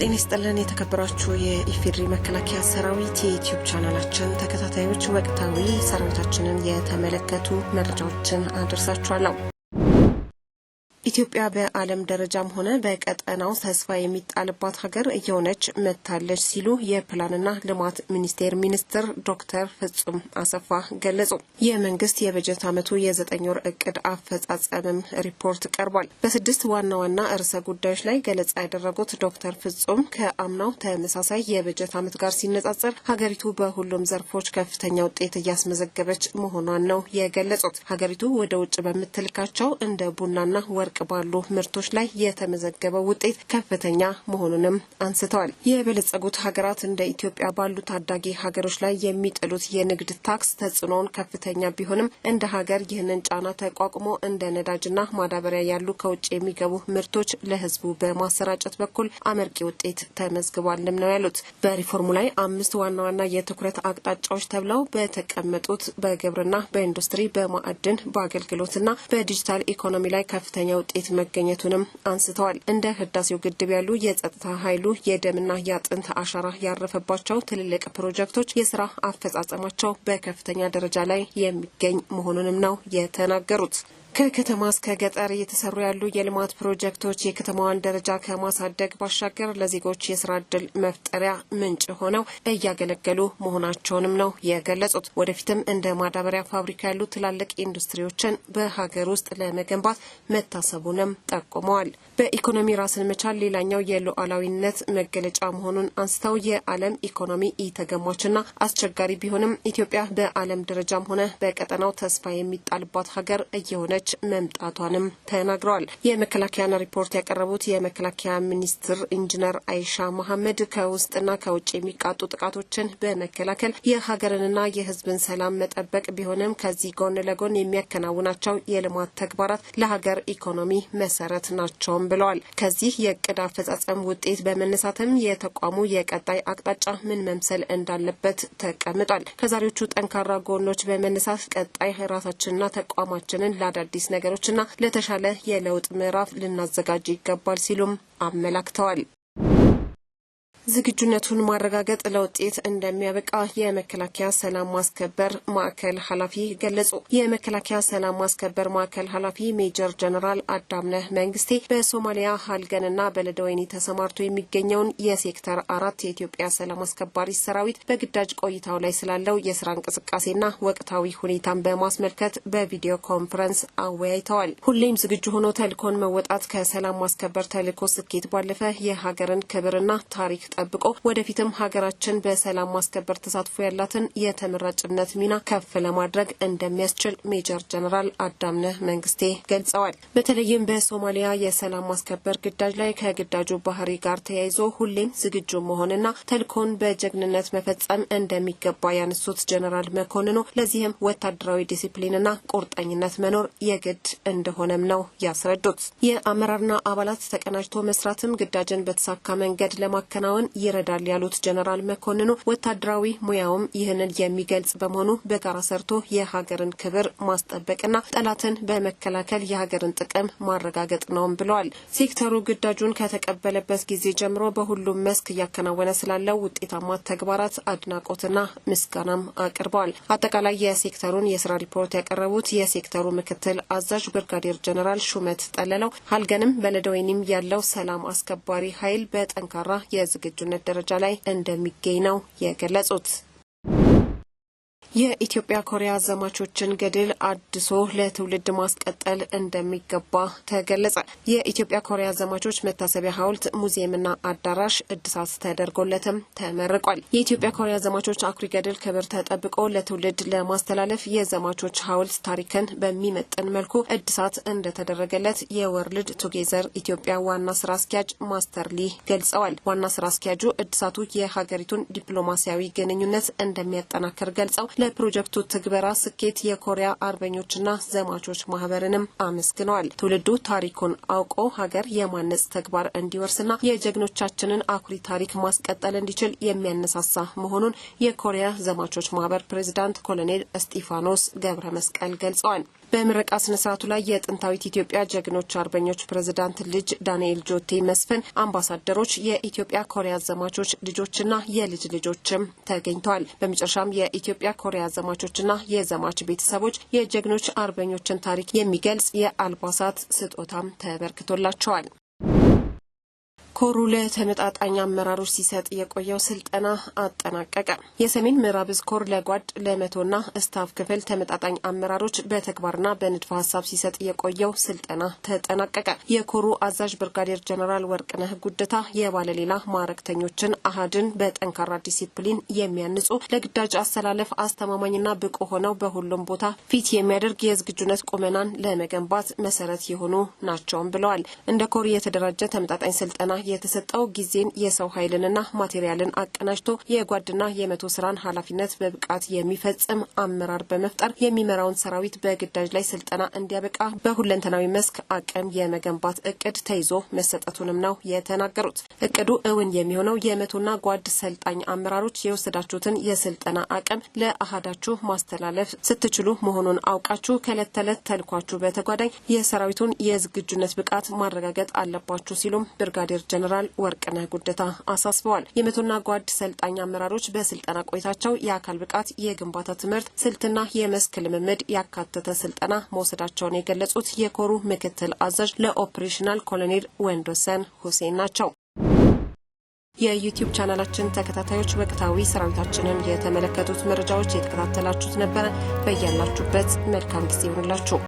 ጤና ይስጥልን የተከበራችሁ የኢፌድሪ መከላከያ ሰራዊት የዩትዩብ ቻናላችን ተከታታዮች ወቅታዊ ሰራዊታችንን የተመለከቱ መረጃዎችን አድርሳችኋለሁ። ኢትዮጵያ በዓለም ደረጃም ሆነ በቀጠናው ተስፋ የሚጣልባት ሀገር እየሆነች መጥታለች ሲሉ የፕላንና ልማት ሚኒስቴር ሚኒስትር ዶክተር ፍጹም አሰፋ ገለጹ። የመንግስት የበጀት ዓመቱ የዘጠኝ ወር እቅድ አፈጻጸምም ሪፖርት ቀርቧል። በስድስት ዋና ዋና ርዕሰ ጉዳዮች ላይ ገለጻ ያደረጉት ዶክተር ፍጹም ከአምናው ተመሳሳይ የበጀት ዓመት ጋር ሲነጻጸር ሀገሪቱ በሁሉም ዘርፎች ከፍተኛ ውጤት እያስመዘገበች መሆኗን ነው የገለጹት። ሀገሪቱ ወደ ውጭ በምትልካቸው እንደ ቡናና ወርቅ ወርቅ ባሉ ምርቶች ላይ የተመዘገበው ውጤት ከፍተኛ መሆኑንም አንስተዋል። የበለጸጉት ሀገራት እንደ ኢትዮጵያ ባሉ ታዳጊ ሀገሮች ላይ የሚጥሉት የንግድ ታክስ ተጽዕኖውን ከፍተኛ ቢሆንም እንደ ሀገር ይህንን ጫና ተቋቁሞ እንደ ነዳጅና ማዳበሪያ ያሉ ከውጭ የሚገቡ ምርቶች ለህዝቡ በማሰራጨት በኩል አመርቂ ውጤት ተመዝግቧልም ነው ያሉት። በሪፎርሙ ላይ አምስት ዋና ዋና የትኩረት አቅጣጫዎች ተብለው በተቀመጡት በግብርና፣ በኢንዱስትሪ፣ በማዕድን፣ በአገልግሎትና በዲጂታል ኢኮኖሚ ላይ ከፍተኛ ውጤት መገኘቱንም አንስተዋል። እንደ ህዳሴው ግድብ ያሉ የጸጥታ ኃይሉ የደምና የአጥንት አሻራ ያረፈባቸው ትልልቅ ፕሮጀክቶች የስራ አፈጻጸማቸው በከፍተኛ ደረጃ ላይ የሚገኝ መሆኑንም ነው የተናገሩት። ከከተማ እስከ ገጠር እየተሰሩ ያሉ የልማት ፕሮጀክቶች የከተማዋን ደረጃ ከማሳደግ ባሻገር ለዜጎች የስራ እድል መፍጠሪያ ምንጭ ሆነው እያገለገሉ መሆናቸውንም ነው የገለጹት። ወደፊትም እንደ ማዳበሪያ ፋብሪካ ያሉ ትላልቅ ኢንዱስትሪዎችን በሀገር ውስጥ ለመገንባት መታሰቡንም ጠቁመዋል። በኢኮኖሚ ራስን መቻል ሌላኛው የሉዓላዊነት መገለጫ መሆኑን አንስተው የዓለም ኢኮኖሚ ኢተገማችና አስቸጋሪ ቢሆንም ኢትዮጵያ በዓለም ደረጃም ሆነ በቀጠናው ተስፋ የሚጣልባት ሀገር እየሆነች እየጨመረች መምጣቷንም ተናግረዋል። የመከላከያን ሪፖርት ያቀረቡት የመከላከያ ሚኒስትር ኢንጂነር አይሻ መሐመድ ከውስጥና ከውጭ የሚቃጡ ጥቃቶችን በመከላከል የሀገርንና የሕዝብን ሰላም መጠበቅ ቢሆንም ከዚህ ጎን ለጎን የሚያከናውናቸው የልማት ተግባራት ለሀገር ኢኮኖሚ መሰረት ናቸውም ብለዋል። ከዚህ የእቅድ አፈጻጸም ውጤት በመነሳትም የተቋሙ የቀጣይ አቅጣጫ ምን መምሰል እንዳለበት ተቀምጧል። ከዛሬዎቹ ጠንካራ ጎኖች በመነሳት ቀጣይ ራሳችንና ተቋማችንን ለአዳዲስ አዳዲስ ነገሮችና ለተሻለ የለውጥ ምዕራፍ ልናዘጋጅ ይገባል ሲሉም አመላክተዋል። ዝግጁነቱን ማረጋገጥ ለውጤት እንደሚያበቃ የመከላከያ ሰላም ማስከበር ማዕከል ኃላፊ ገለጹ። የመከላከያ ሰላም ማስከበር ማዕከል ኃላፊ ሜጀር ጀነራል አዳምነህ መንግስቴ በሶማሊያ ሀልገንና በለደወይኒ ተሰማርቶ የሚገኘውን የሴክተር አራት የኢትዮጵያ ሰላም አስከባሪ ሰራዊት በግዳጅ ቆይታው ላይ ስላለው የስራ እንቅስቃሴና ወቅታዊ ሁኔታን በማስመልከት በቪዲዮ ኮንፈረንስ አወያይተዋል። ሁሌም ዝግጁ ሆኖ ተልእኮን መወጣት ከሰላም ማስከበር ተልእኮ ስኬት ባለፈ የሀገርን ክብርና ታሪክ ጠብቆ ወደፊትም ሀገራችን በሰላም ማስከበር ተሳትፎ ያላትን የተመራጭነት ሚና ከፍ ለማድረግ እንደሚያስችል ሜጀር ጀነራል አዳምነህ መንግስቴ ገልጸዋል። በተለይም በሶማሊያ የሰላም ማስከበር ግዳጅ ላይ ከግዳጁ ባህሪ ጋር ተያይዞ ሁሌም ዝግጁ መሆንና ተልእኮን በጀግንነት መፈጸም እንደሚገባ ያነሱት ጀነራል መኮንኑ ለዚህም ወታደራዊ ዲሲፕሊንና ቁርጠኝነት መኖር የግድ እንደሆነም ነው ያስረዱት። የአመራርና አባላት ተቀናጅቶ መስራትም ግዳጅን በተሳካ መንገድ ለማከናወን እንዲሆን ይረዳል ያሉት ጀነራል መኮንኑ ወታደራዊ ሙያውም ይህንን የሚገልጽ በመሆኑ በጋራ ሰርቶ የሀገርን ክብር ማስጠበቅና ጠላትን በመከላከል የሀገርን ጥቅም ማረጋገጥ ነውም ብለዋል። ሴክተሩ ግዳጁን ከተቀበለበት ጊዜ ጀምሮ በሁሉም መስክ እያከናወነ ስላለው ውጤታማ ተግባራት አድናቆትና ምስጋናም አቅርበዋል። አጠቃላይ የሴክተሩን የስራ ሪፖርት ያቀረቡት የሴክተሩ ምክትል አዛዥ ብርጋዴር ጀነራል ሹመት ጠለለው ሀልገንም በለደወይኒም ያለው ሰላም አስከባሪ ኃይል በጠንካራ የዝግጅ ዝግጁነት ደረጃ ላይ እንደሚገኝ ነው የገለጹት። የኢትዮጵያ ኮሪያ ዘማቾችን ገድል አድሶ ለትውልድ ማስቀጠል እንደሚገባ ተገለጸ። የኢትዮጵያ ኮሪያ ዘማቾች መታሰቢያ ሐውልት ሙዚየምና አዳራሽ እድሳት ተደርጎለትም ተመርቋል። የኢትዮጵያ ኮሪያ ዘማቾች አኩሪ ገድል ክብር ተጠብቆ ለትውልድ ለማስተላለፍ የዘማቾች ሐውልት ታሪክን በሚመጥን መልኩ እድሳት እንደተደረገለት የወርልድ ቱጌዘር ኢትዮጵያ ዋና ስራ አስኪያጅ ማስተር ሊ ገልጸዋል። ዋና ስራ አስኪያጁ እድሳቱ የሀገሪቱን ዲፕሎማሲያዊ ግንኙነት እንደሚያጠናክር ገልጸው ለፕሮጀክቱ ትግበራ ስኬት የኮሪያ አርበኞችና ዘማቾች ማህበርንም አመስግነዋል። ትውልዱ ታሪኩን አውቆ ሀገር የማነጽ ተግባር እንዲወርስና የጀግኖቻችንን አኩሪ ታሪክ ማስቀጠል እንዲችል የሚያነሳሳ መሆኑን የኮሪያ ዘማቾች ማህበር ፕሬዚዳንት ኮሎኔል እስጢፋኖስ ገብረ መስቀል ገልጸዋል። በምረቃ ስነ ስርዓቱ ላይ የጥንታዊት ኢትዮጵያ ጀግኖች አርበኞች ፕሬዝዳንት ልጅ ዳንኤል ጆቴ መስፍን፣ አምባሳደሮች፣ የኢትዮጵያ ኮሪያ አዘማቾች ልጆችና የልጅ ልጆችም ተገኝተዋል። በመጨረሻም የኢትዮጵያ ኮሪያ ዘማቾችና የዘማች ቤተሰቦች የጀግኖች አርበኞችን ታሪክ የሚገልጽ የአልባሳት ስጦታም ተበርክቶላቸዋል። ኮሩ ለተመጣጣኝ አመራሮች ሲሰጥ የቆየው ስልጠና አጠናቀቀ። የሰሜን ምዕራብ እዝ ኮር ለጓድ ለመቶና ስታፍ ክፍል ተመጣጣኝ አመራሮች በተግባርና በንድፈ ሀሳብ ሲሰጥ የቆየው ስልጠና ተጠናቀቀ። የኮሩ አዛዥ ብርጋዴር ጀነራል ወርቅነህ ጉደታ የባለሌላ ማዕረግተኞችን አሃድን በጠንካራ ዲሲፕሊን የሚያንጹ ለግዳጅ አሰላለፍ አስተማማኝና ብቁ ሆነው በሁሉም ቦታ ፊት የሚያደርግ የዝግጁነት ቁመናን ለመገንባት መሰረት የሆኑ ናቸውም ብለዋል። እንደ ኮር የተደራጀ ተመጣጣኝ ስልጠና የተሰጠው ጊዜን፣ የሰው ኃይልንና ማቴሪያልን አቀናጅቶ የጓድና የመቶ ስራን ኃላፊነት በብቃት የሚፈጽም አመራር በመፍጠር የሚመራውን ሰራዊት በግዳጅ ላይ ስልጠና እንዲያበቃ በሁለንተናዊ መስክ አቅም የመገንባት እቅድ ተይዞ መሰጠቱንም ነው የተናገሩት። እቅዱ እውን የሚሆነው የመቶና ጓድ ሰልጣኝ አመራሮች የወሰዳችሁትን የስልጠና አቅም ለአሃዳችሁ ማስተላለፍ ስትችሉ መሆኑን አውቃችሁ ከእለት ተዕለት ተልኳችሁ በተጓዳኝ የሰራዊቱን የዝግጁነት ብቃት ማረጋገጥ አለባችሁ ሲሉም ብርጋዴር ጀነራል ወርቅነህ ጉደታ አሳስበዋል። የመቶና ጓድ ሰልጣኝ አመራሮች በስልጠና ቆይታቸው የአካል ብቃት፣ የግንባታ ትምህርት፣ ስልትና የመስክ ልምምድ ያካተተ ስልጠና መውሰዳቸውን የገለጹት የኮሩ ምክትል አዛዥ ለኦፕሬሽናል ኮሎኔል ወንዶሰን ሁሴን ናቸው። የዩቲዩብ ቻናላችን ተከታታዮች ወቅታዊ ሰራዊታችንን የተመለከቱት መረጃዎች የተከታተላችሁት ነበረ። በያላችሁበት መልካም ጊዜ ይሁንላችሁ።